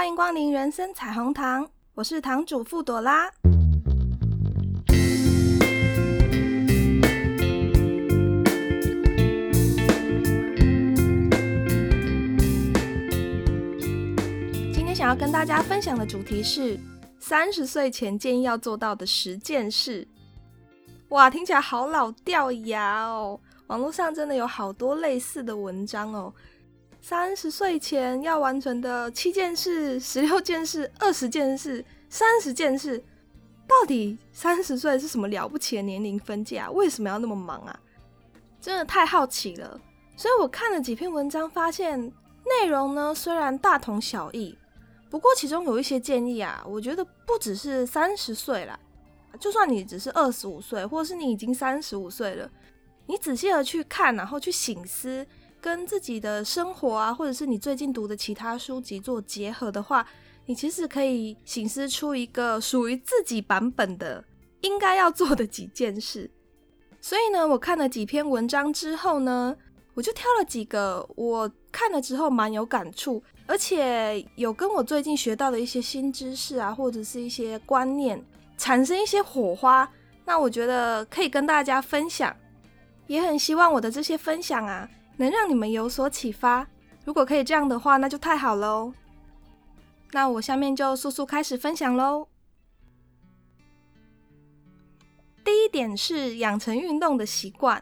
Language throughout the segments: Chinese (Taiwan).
歡迎光臨人生彩虹糖，我是堂主傅朵拉。今天想要跟大家分享的主題是三十歲前建議要做到的十件事。哇，聽起來好老掉牙哦！網絡上真的有好多類似的文章哦。三十歲前要完成的七件事、十六件事、二十件事、三十件事，到底三十歲是什麼了不起的年齡分界啊？為什麼要那麼忙啊？真的太好奇了。所以我看了幾篇文章，發現內容呢雖然大同小異，不過其中有一些建議啊，我覺得不只是三十歲啦，就算你只是二十五歲，或者是你已經三十五歲了，你仔細的去看，然後去省思，跟自己的生活啊，或者是你最近讀的其他書籍做結合的話，你其實可以省思出一個屬於自己版本的應該要做的幾件事。所以呢，我看了幾篇文章之後呢，我就挑了幾個我看了之後蠻有感觸，而且有跟我最近學到的一些新知識啊，或者是一些觀念產生一些火花。那我覺得可以跟大家分享，也很希望我的這些分享啊。能讓你們有所啟發，如果可以這樣的話，那就太好嘍哦。那我下面就速速開始分享嘍。第一點是養成運動的習慣，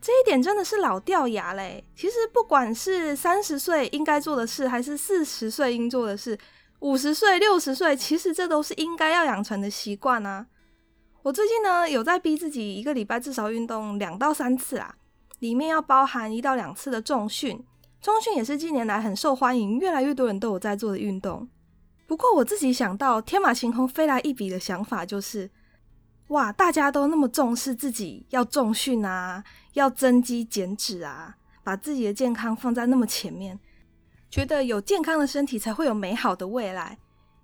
這一點真的是老掉牙嘞。其實不管是三十歲應該做的事，還是四十歲應做的事，五十歲、六十歲，其實這都是應該要養成的習慣啊。我最近呢，有在逼自己一個禮拜至少運動兩到三次啊。裡面要包含一到兩次的重訓，重訓也是近年來很受歡迎，越來越多人都有在做的運動。不過我自己想到天馬行空飛來一筆的想法就是，哇，大家都那麼重視自己要重訓啊，要增肌減脂啊，把自己的健康放在那麼前面，覺得有健康的身體才會有美好的未來。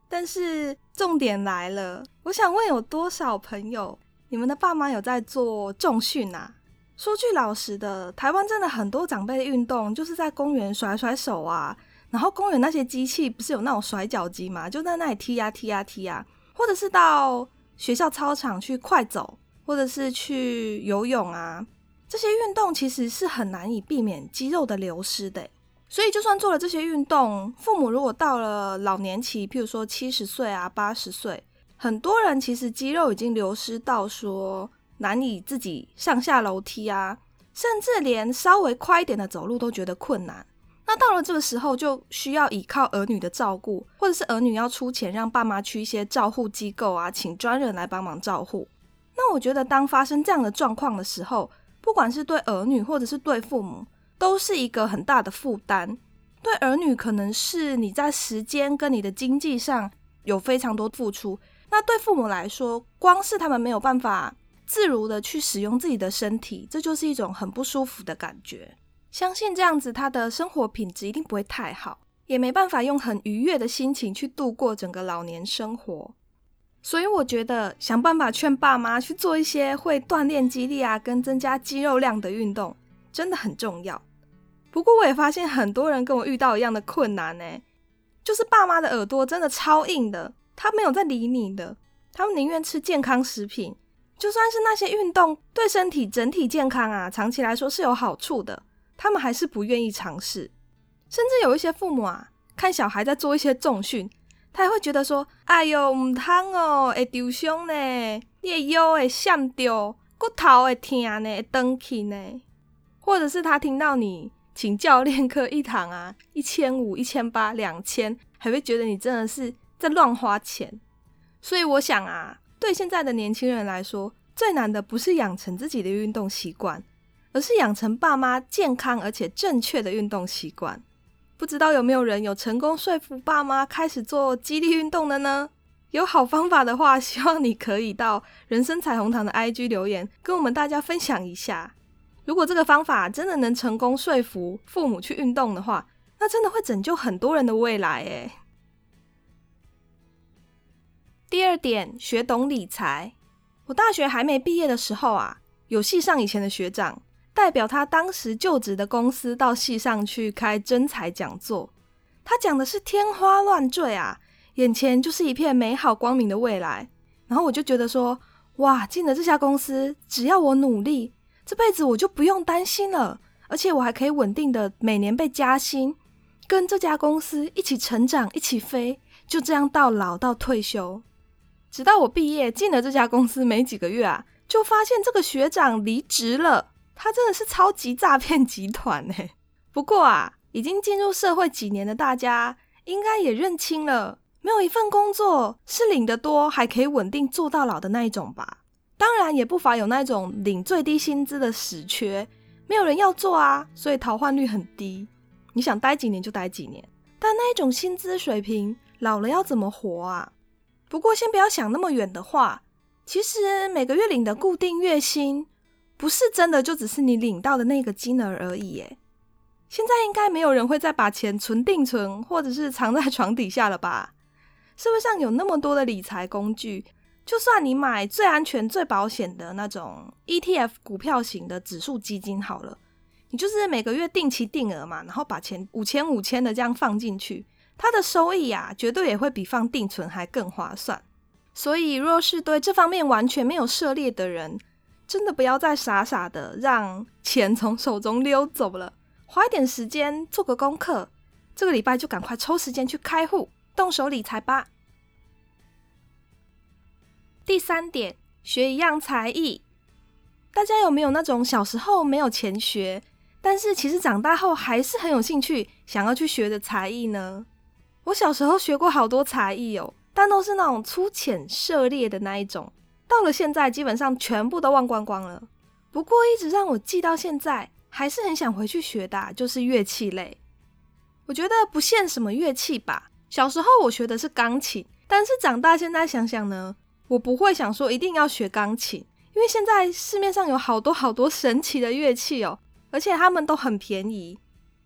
但是重點來了，我想問有多少朋友，你們的爸媽有在做重訓啊？說句老實的，台灣真的很多長輩的運動就是在公園甩甩手啊，然後公園那些機器不是有那種甩腳機嘛，就在那裡踢呀、踢呀、踢呀，或者是到學校操場去快走，或者是去游泳啊，這些運動其實是很難以避免肌肉的流失的。所以就算做了這些運動，父母如果到了老年期，譬如說七十歲啊、八十歲，很多人其實肌肉已經流失到說。難以自己上下樓梯啊，甚至連稍微快一點的走路都覺得困難。那到了這個時候，就需要依靠兒女的照顧，或者是兒女要出錢讓爸媽去一些照護機構啊，請專人來幫忙照顧。那我覺得，當發生這樣的狀況的時候，不管是對兒女或者是對父母，都是一個很大的負擔。對兒女，可能是你在時間跟你的經濟上有非常多付出；那對父母來說，光是他們沒有辦法。自如的去使用自己的身體，這就是一種很不舒服的感覺。相信這樣子，他的生活品質一定不會太好，也沒辦法用很愉悅的心情去度過整個老年生活。所以我覺得，想辦法勸爸媽去做一些會鍛鍊肌力啊，跟增加肌肉量的運動，真的很重要。不過我也發現很多人跟我遇到一樣的困難呢、欸，就是爸媽的耳朵真的超硬的，他沒有在理你的，他們寧願吃健康食品。就算是那些運動對身體整體健康啊，長期來說是有好處的，他們還是不願意嘗試。甚至有一些父母啊，看小孩在做一些重訓，他也會覺得說：“哎呦，唔痛哦，會受傷呢，你的腰會閃掉，骨頭會痛呢、欸，會斷去呢。”或者是他聽到你請教練課一堂啊，一千五、一千八、兩千，還會覺得你真的是在亂花錢。所以我想啊。對現在的年輕人來說，最難的不是養成自己的運動習慣，而是養成爸媽健康而且正確的運動習慣。不知道有沒有人有成功說服爸媽開始做肌力運動的呢？有好方法的話，希望你可以到人生彩虹糖的 IG 留言，跟我們大家分享一下。如果這個方法真的能成功說服父母去運動的話，那真的會拯救很多人的未來哎。第二點，學懂理財。我大學還沒畢業的時候啊，有系上以前的學長代表他當時就職的公司到系上去開徵才講座，他講的是天花亂墜啊，眼前就是一片美好光明的未來。然後我就覺得說，哇，進了這家公司，只要我努力，這輩子我就不用擔心了，而且我還可以穩定的每年被加薪，跟這家公司一起成長，一起飛，就這樣到老到退休。直到我畢業進了這家公司沒幾個月啊，就發現這個學長離職了。他真的是超級詐騙集團哎、欸！不過啊，已經進入社會幾年的大家，應該也認清了，沒有一份工作是領得多還可以穩定做到老的那一種吧？當然也不乏有那種領最低薪資的死缺，沒有人要做啊，所以逃換率很低。你想待幾年就待幾年，但那一種薪資水平，老了要怎麼活啊？不過先不要想那麼遠的話，其實每個月領的固定月薪，不是真的就只是你領到的那個金額而已耶。現在應該沒有人會再把錢存定存，或者是藏在床底下了吧？社會上有那麼多的理財工具，就算你買最安全、最保險的那種 ETF 股票型的指數基金好了，你就是每個月定期定額嘛，然後把錢五千五千的這樣放進去。它的收益呀、啊，絕對也會比放定存還更划算。所以，若是對這方面完全沒有涉獵的人，真的不要再傻傻的讓錢從手中溜走了。花一點時間做個功課，這個禮拜就趕快抽時間去開戶，動手理財吧。第三點，學一樣才藝。大家有沒有那種小時候沒有錢學，但是其實長大後還是很有興趣想要去學的才藝呢？我小時候學過好多才藝哦，但都是那種粗淺涉獵的那一種。到了現在，基本上全部都忘光光了。不過一直讓我記到現在，還是很想回去學的啊，就是樂器類。我覺得不限什麼樂器吧。小時候我學的是鋼琴，但是長大現在想想呢，我不會想說一定要學鋼琴，因為現在市面上有好多好多神奇的樂器哦，而且它們都很便宜。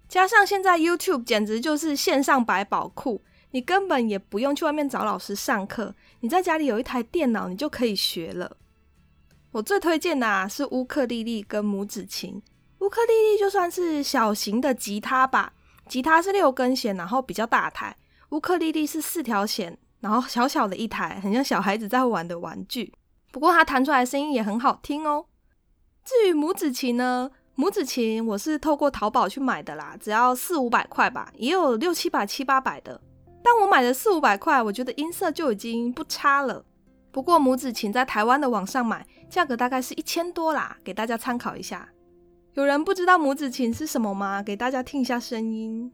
加上現在 YouTube 簡直就是線上百寶庫，你根本也不用去外面找老師上課，你在家裡有一台電腦，你就可以學了。我最推薦吶，啊，是烏克麗麗跟拇指琴。烏克麗麗就算是小型的吉他吧，吉他是六根弦，然後比較大台；烏克麗麗是四條弦，然後小小的一台，很像小孩子在玩的玩具。不過它彈出來的聲音也很好聽哦。至於拇指琴呢？拇指琴我是透過淘寶去買的啦，只要四五百塊吧，也有六七百、七八百的。但我買了的四五百塊，我覺得音色就已經不差了。不過拇指琴在台灣的網上買，價格大概是一千多啦，給大家參考一下。有人不知道拇指琴是什麼嗎？給大家聽一下聲音。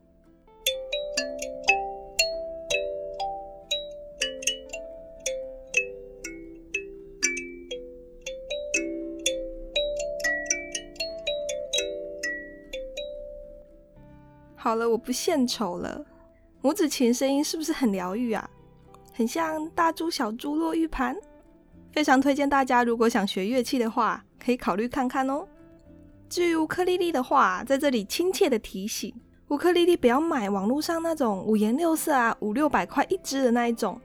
好了，我不獻醜了。拇指琴聲音是不是很療癒啊？很像大珠小珠落玉盤，非常推薦大家，如果想學樂器的話，可以考慮看看哦。至於烏克麗麗的話，在這裡親切的提醒，烏克麗麗不要買網絡上那種五顏六色啊五六百塊一支的那一種，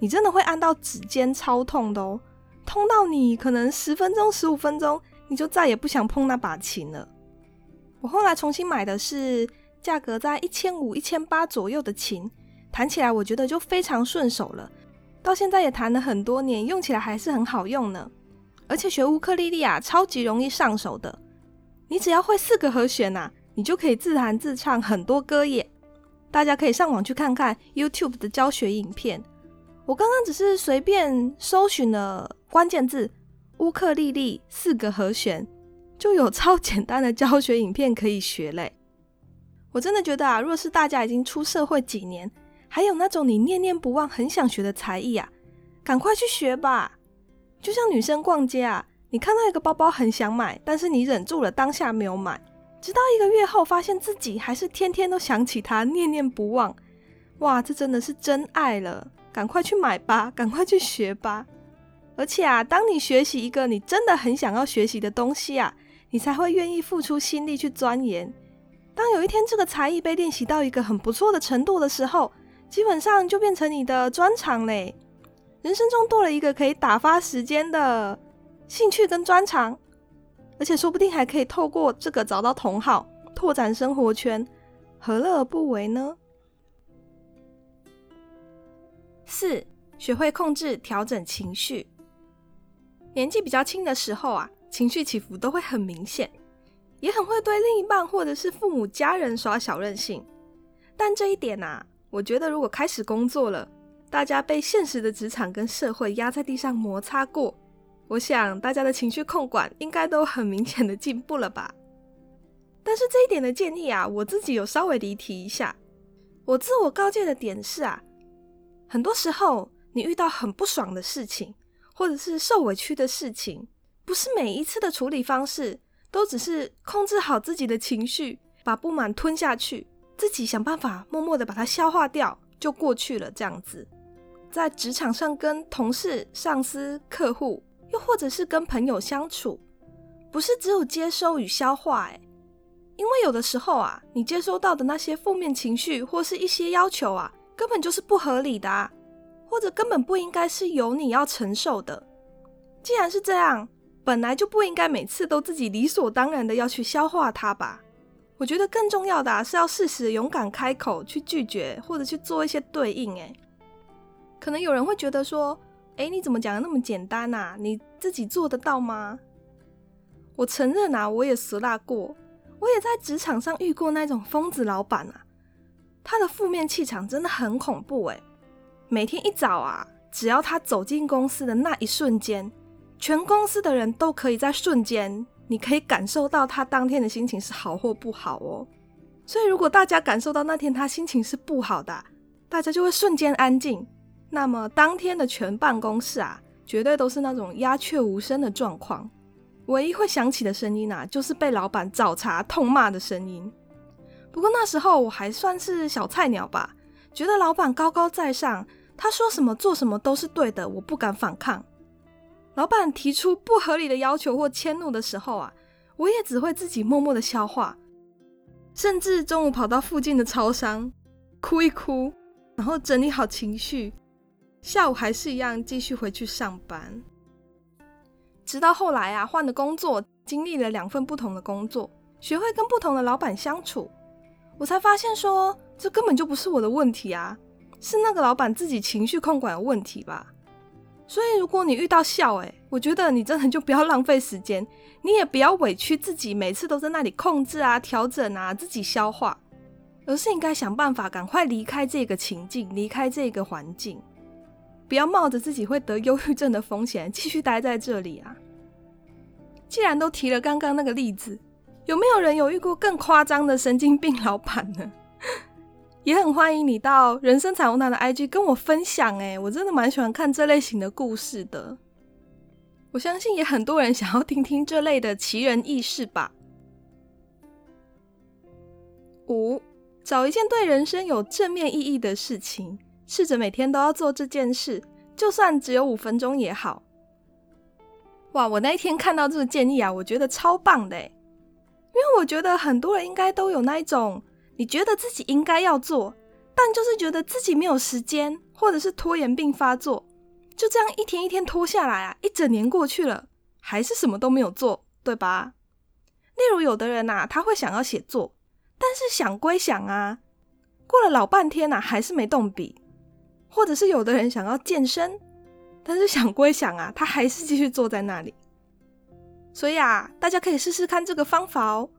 你真的會按到指尖超痛的哦，痛到你可能十分鐘十五分鐘你就再也不想碰那把琴了。我後來重新買的是。價格在一千五、一千八左右的琴，彈起來我覺得就非常順手了。到現在也彈了很多年，用起來還是很好用呢。而且學烏克麗麗啊，超級容易上手的。你只要會四個和弦吶、啊，你就可以自彈自唱很多歌耶。大家可以上網去看看 YouTube 的教學影片。我剛剛只是隨便搜尋了關鍵字“烏克麗麗四個和弦”，就有超簡單的教學影片可以學嘞。我真的覺得啊，若是大家已經出社會幾年，還有那種你念念不忘、很想學的才藝啊，趕快去學吧！就像女生逛街啊，你看到一個包包很想買，但是你忍住了，當下沒有買，直到一個月後發現自己還是天天都想起它，念念不忘。哇，這真的是真愛了！趕快去買吧，趕快去學吧！而且啊，當你學習一個你真的很想要學習的東西啊，你才會願意付出心力去鑽研。當有一天這個才藝被練習到一個很不錯的程度的時候，基本上就變成你的專長嘞。人生中多了一個可以打發時間的興趣跟專長，而且說不定還可以透過這個找到同好，拓展生活圈，何樂而不為呢？四、學會控制，調整情緒。年紀比較輕的時候啊，情緒起伏都會很明顯。也很會對另一半或者是父母家人耍小任性，但這一點啊，我覺得如果開始工作了，大家被現實的職場跟社會壓在地上摩擦過，我想大家的情緒控管應該都很明顯的進步了吧。但是這一點的建議啊，我自己有稍微的提一下。我自我告誡的點是啊，很多時候你遇到很不爽的事情，或者是受委屈的事情，不是每一次的處理方式。都只是控制好自己的情緒，把不滿吞下去，自己想辦法默默的把它消化掉，就過去了。這樣子，在職場上跟同事、上司、客戶，又或者是跟朋友相處，不是只有接收與消化誒、欸。因為有的時候啊，你接收到的那些負面情緒或是一些要求啊，根本就是不合理的啊，或者根本不應該是由你要承受的。既然是這樣。本來就不應該每次都自己理所當然的要去消化它吧。我覺得更重要的是要適時勇敢開口去拒絕，或者去做一些對應。哎，可能有人會覺得說，哎，你怎麼講的那麼簡單吶啊？你自己做得到嗎？我承認啊，我也受辣過，我也在職場上遇過那種瘋子老板啊，他的負面氣場真的很恐怖。哎，每天一早啊，只要他走進公司的那一瞬間。全公司的人都可以在瞬間，你可以感受到他當天的心情是好或不好哦。所以，如果大家感受到那天他心情是不好的，大家就會瞬間安靜。那麼，當天的全辦公室啊，絕對都是那種鴉雀無聲的狀況。唯一會響起的聲音啊，就是被老板找茬痛罵的聲音。不過那時候我還算是小菜鳥吧，覺得老板高高在上，他說什麼做什麼都是對的，我不敢反抗。老闆提出不合理的要求或遷怒的時候啊，我也只會自己默默的消化，甚至中午跑到附近的超商哭一哭，然後整理好情緒，下午還是一樣繼續回去上班。直到後來啊，換了工作，經歷了兩份不同的工作，學會跟不同的老闆相處，我才發現說，這根本就不是我的問題啊，是那個老闆自己情緒控管有問題吧。所以，如果你遇到笑、欸，哎，我覺得你真的就不要浪費時間，你也不要委屈自己，每次都在那裡控制啊、調整啊、自己消化，而是應該想辦法趕快離開這個情境，離開這個環境，不要冒着自己會得憂鬱症的風險繼續待在這裡啊。既然都提了剛剛那個例子，有沒有人有遇過更誇張的神經病老闆呢？也很歡迎你到人生彩虹糖的 IG 跟我分享、欸，哎，我真的蠻喜歡看這類型的故事的。我相信也很多人想要聽聽這類的奇人異事吧。五，找一件對人生有正面意義的事情，試着每天都要做這件事，就算只有五分鐘也好。哇，我那一天看到這個建議啊，我覺得超棒的、欸，因為我覺得很多人應該都有那一種，你覺得自己應該要做，但就是覺得自己沒有時間，或者是拖延病發作，就這樣一天一天拖下來啊，一整年過去了，還是什麼都沒有做，對吧？例如有的人吶，他會想要寫作，但是想歸想啊，過了老半天啊，還是沒動筆；或者是有的人想要健身，但是想歸想啊，他還是繼續坐在那裡。所以啊，大家可以試試看這個方法哦，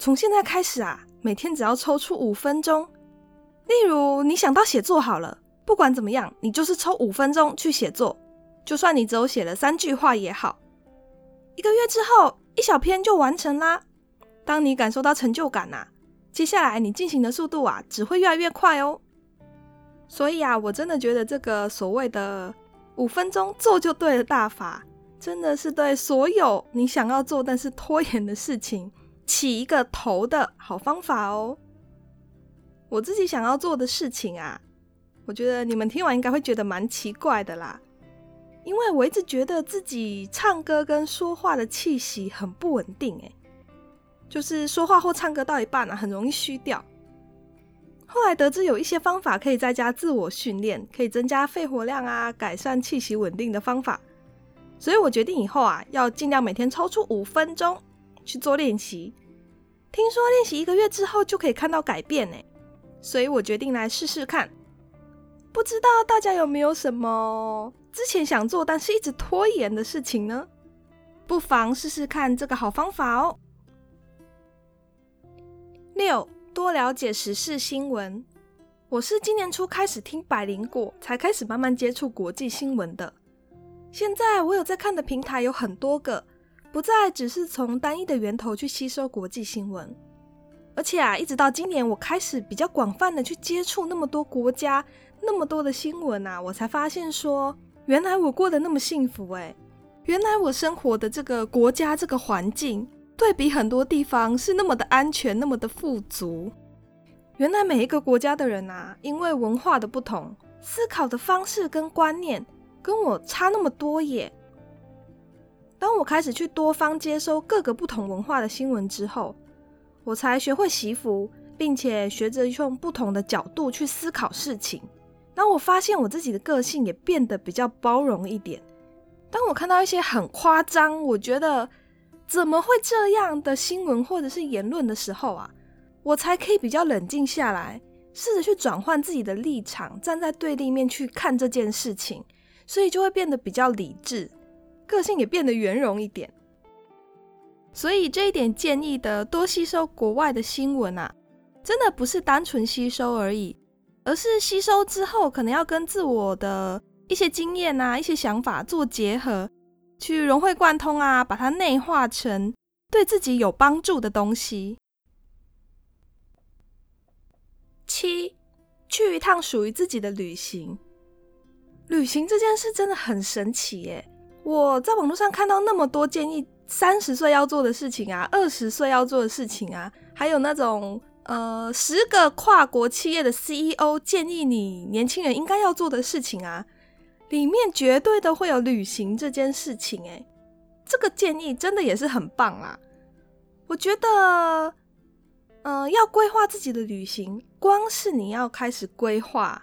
從現在開始啊。每天只要抽出五分鐘，例如你想到寫作好了，不管怎麼樣，你就是抽五分鐘去寫作，就算你只有寫了三句話也好。一個月之後，一小篇就完成啦。當你感受到成就感啊，接下來你進行的速度啊，只會越來越快哦、喔。所以啊，我真的覺得這個所謂的五分鐘做就對的大法，真的是對所有你想要做但是拖延的事情，起一個頭的好方法哦。我自己想要做的事情啊，我覺得你們聽完應該會覺得蠻奇怪的啦，因為我一直覺得自己唱歌跟說話的氣息很不穩定、欸，誒，就是說話或唱歌到一半啊，很容易虛掉。後來得知有一些方法可以在家自我訓練，可以增加肺活量啊，改善氣息穩定的方法，所以我決定以後啊，要盡量每天抽出五分鐘去做練習。聽說練習一個月之後就可以看到改變耶，所以我決定來試試看。不知道大家有沒有什麼之前想做但是一直拖延的事情呢？不妨試試看這個好方法哦。六，多了解時事新聞。我是今年初開始聽百靈果，才開始慢慢接觸國際新聞的。現在我有在看的平台有很多個。不再只是從單一的源頭去吸收國際新聞，而且啊，一直到今年我開始比較廣泛的去接觸那麼多國家那麼多的新聞吶、啊，我才發現說，原來我過得那麼幸福哎、欸，原來我生活的這個國家這個環境對比很多地方是那麼的安全，那麼的富足。原來每一個國家的人吶、啊，因為文化的不同，思考的方式跟觀念跟我差那麼多耶。當我開始去多方接收各個不同文化的新聞之後，我才學會習服，並且學着用不同的角度去思考事情。當我發現我自己的個性也變得比較包容一點，當我看到一些很誇張，我覺得怎麼會這樣的新聞或者是言論的時候啊，我才可以比較冷靜下來，試着去轉換自己的立場，站在對立面去看這件事情，所以就會變得比較理智。個性也變得圓融一點，所以這一點建議的多吸收國外的新聞啊，真的不是單純吸收而已，而是吸收之後可能要跟自我的一些經驗啊、一些想法做結合，去融會貫通啊，把它內化成對自己有幫助的東西。七，去一趟屬於自己的旅行。旅行這件事真的很神奇耶。我在網絡上看到那麼多建議，三十歲要做的事情啊，二十歲要做的事情啊，還有那種呃，十個跨國企業的 CEO 建議你年輕人應該要做的事情啊，裡面絕對的會有旅行這件事情哎、欸，這個建議真的也是很棒啦、啊。我覺得，嗯、呃，要規劃自己的旅行，光是你要開始規劃，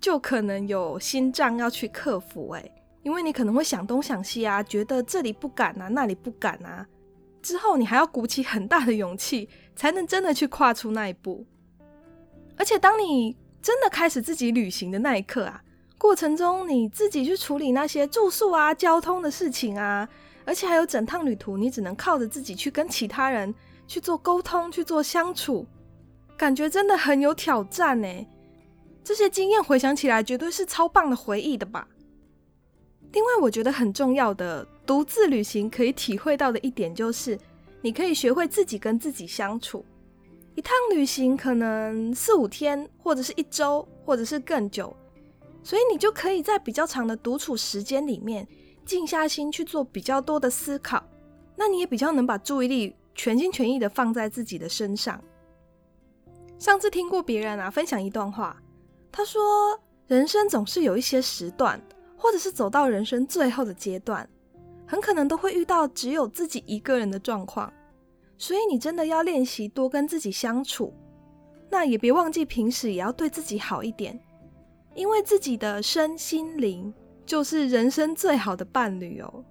就可能有心臟要去克服哎、欸。因為你可能會想東想西啊，覺得這裡不敢啊，那裡不敢啊，之後你還要鼓起很大的勇氣，才能真的去跨出那一步。而且當你真的開始自己旅行的那一刻啊，過程中你自己去處理那些住宿啊、交通的事情啊，而且還有整趟旅途，你只能靠着自己去跟其他人去做溝通、去做相處，感覺真的很有挑戰欸。這些經驗回想起來，絕對是超棒的回憶的吧。另外，我覺得很重要的，獨自旅行可以體會到的一點就是，你可以學會自己跟自己相處。一趟旅行可能四五天，或者是一周，或者是更久，所以你就可以在比較長的獨處時間裡面，靜下心去做比較多的思考。那你也比較能把注意力全心全意的放在自己的身上。上次聽過別人啊分享一段話，他說：“人生總是有一些時段，”或者是走到人生最後的階段，很可能都會遇到只有自己一個人的狀況，所以你真的要練習多跟自己相處，那也別忘記平時也要對自己好一點，因為自己的身心靈就是人生最好的伴侶哦。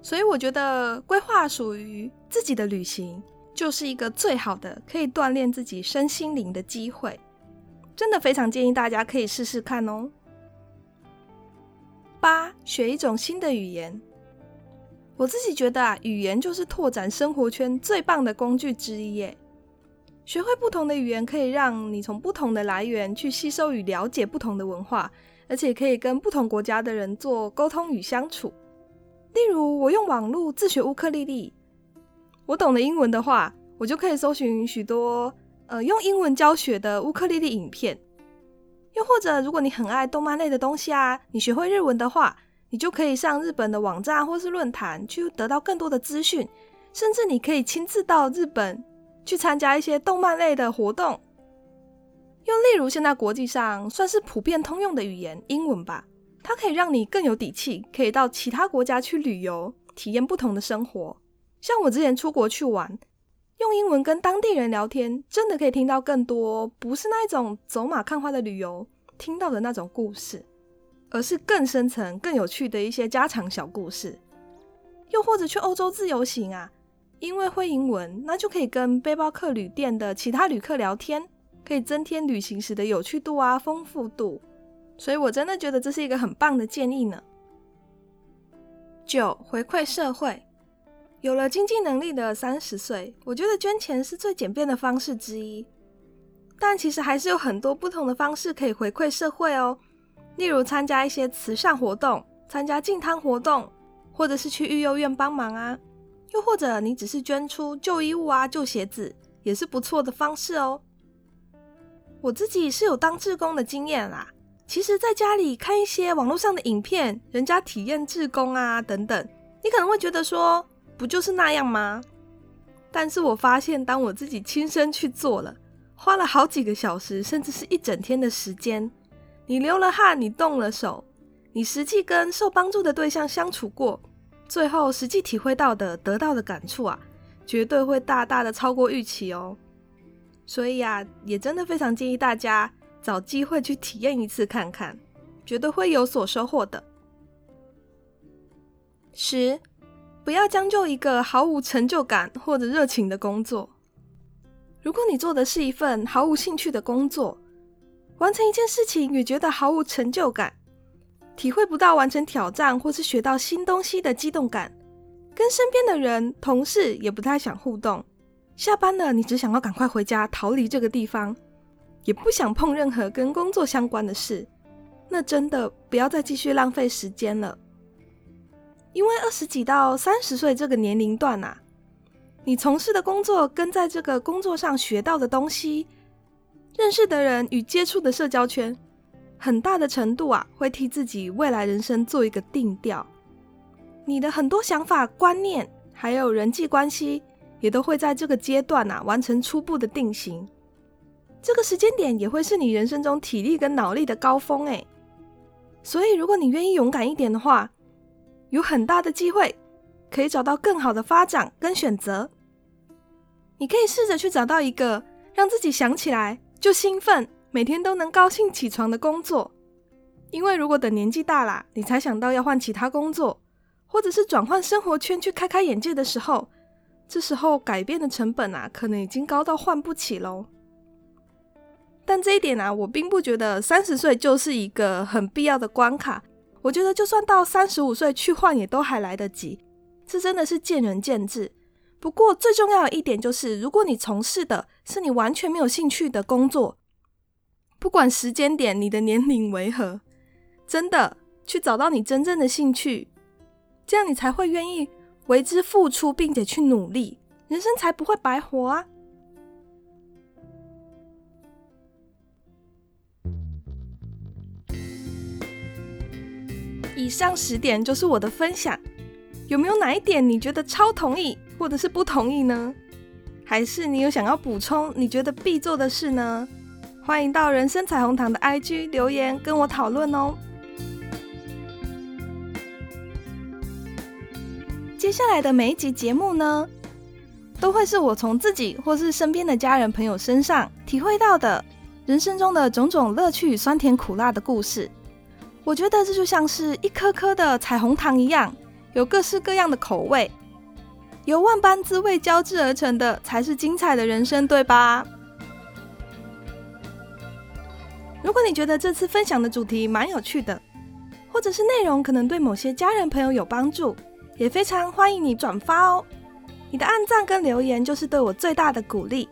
所以我覺得規劃屬於自己的旅行，就是一個最好的可以鍛鍊自己身心靈的機會。真的非常建議大家可以試試看哦。八學一種新的語言，我自己覺得啊，語言就是拓展生活圈最棒的工具之一耶。學會不同的語言，可以讓你從不同的來源去吸收與了解不同的文化，而且可以跟不同國家的人做溝通與相處。例如，我用網絡自學烏克麗麗，我懂得英文的話，我就可以搜尋許多呃用英文教學的烏克麗麗影片。又或者，如果你很愛動漫類的東西啊，你學會日文的話，你就可以上日本的網站或是論壇去得到更多的資訊，甚至你可以親自到日本去參加一些動漫類的活動。又例如，現在國際上算是普遍通用的語言，英文吧，它可以讓你更有底氣，可以到其他國家去旅遊，體驗不同的生活。像我之前出國去玩。用英文跟當地人聊天，真的可以聽到更多，不是那種走馬看花的旅遊聽到的那種故事，而是更深層、更有趣的一些家常小故事。又或者去歐洲自由行啊，因為會英文，那就可以跟背包客旅店的其他旅客聊天，可以增添旅行時的有趣度啊、豐富度。所以我真的覺得這是一個很棒的建議呢。九、回饋社會。有了經濟能力的三十歲，我覺得捐錢是最簡便的方式之一。但其實還是有很多不同的方式可以回饋社會哦，例如參加一些慈善活動、參加淨灘活動，或者是去育幼院幫忙啊。又或者你只是捐出舊衣物啊、舊鞋子，也是不錯的方式哦。我自己是有當志工的經驗啦。其實，在家裡看一些網絡上的影片，人家體驗志工啊等等，你可能會覺得說。不就是那樣嗎？但是我發現，當我自己親身去做了，花了好幾個小時，甚至是一整天的時間，你流了汗，你動了手，你實際跟受幫助的對象相處過，最後實際體會到的、得到的感觸啊，絕對會大大的超過預期哦。所以啊，也真的非常建議大家找機會去體驗一次看看，絕對會有所收穫的。十。不要將就一個毫無成就感或者熱情的工作。如果你做的是一份毫無興趣的工作，完成一件事情也覺得毫無成就感，體會不到完成挑戰或是學到新東西的激動感，跟身邊的人、同事也不太想互動，下班了你只想要趕快回家逃離這個地方，也不想碰任何跟工作相關的事，那真的不要再繼續浪費時間了。因為二十幾到三十歲這個年齡段啊，你從事的工作跟在這個工作上學到的東西、認識的人與接觸的社交圈，很大的程度啊，會替自己未來人生做一個定調。你的很多想法、觀念還有人際關係，也都會在這個階段吶、啊、完成初步的定型。這個時間點也會是你人生中體力跟腦力的高峰誒，所以如果你願意勇敢一點的話。有很大的機會，可以找到更好的發展跟選擇。你可以試着去找到一個讓自己想起來就興奮、每天都能高興起床的工作。因為如果等年紀大了，你才想到要換其他工作，或者是轉換生活圈去開開眼界的時候，這時候改變的成本啊，可能已經高到換不起嘍。但這一點啊，我並不覺得三十歲就是一個很必要的關卡。我覺得就算到三十五歲去換也都還來得及，這真的是見仁見智。不過最重要的一點就是，如果你從事的是你完全沒有興趣的工作，不管時間點、你的年齡為何，真的去找到你真正的興趣，這樣你才會願意為之付出，並且去努力，人生才不會白活啊。以上十點就是我的分享，有沒有哪一點你覺得超同意，或者是不同意呢？還是你有想要補充你覺得必做的事呢？歡迎到人生彩虹糖的 IG 留言跟我討論哦。接下來的每一集節目呢，都會是我從自己或是身邊的家人朋友身上體會到的人生中的種種樂趣、酸甜苦辣的故事。我覺得這就像是，一顆顆的彩虹糖一樣，有各式各樣的口味，由萬般滋味交織而成的，才是精彩的人生，對吧？如果你覺得這次分享的主題蠻有趣的，或者是內容可能對某些家人朋友有幫助，也非常歡迎你轉發哦。你的按讚跟留言就是對我最大的鼓勵。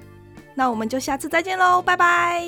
那我們就下次再見嘍，拜拜！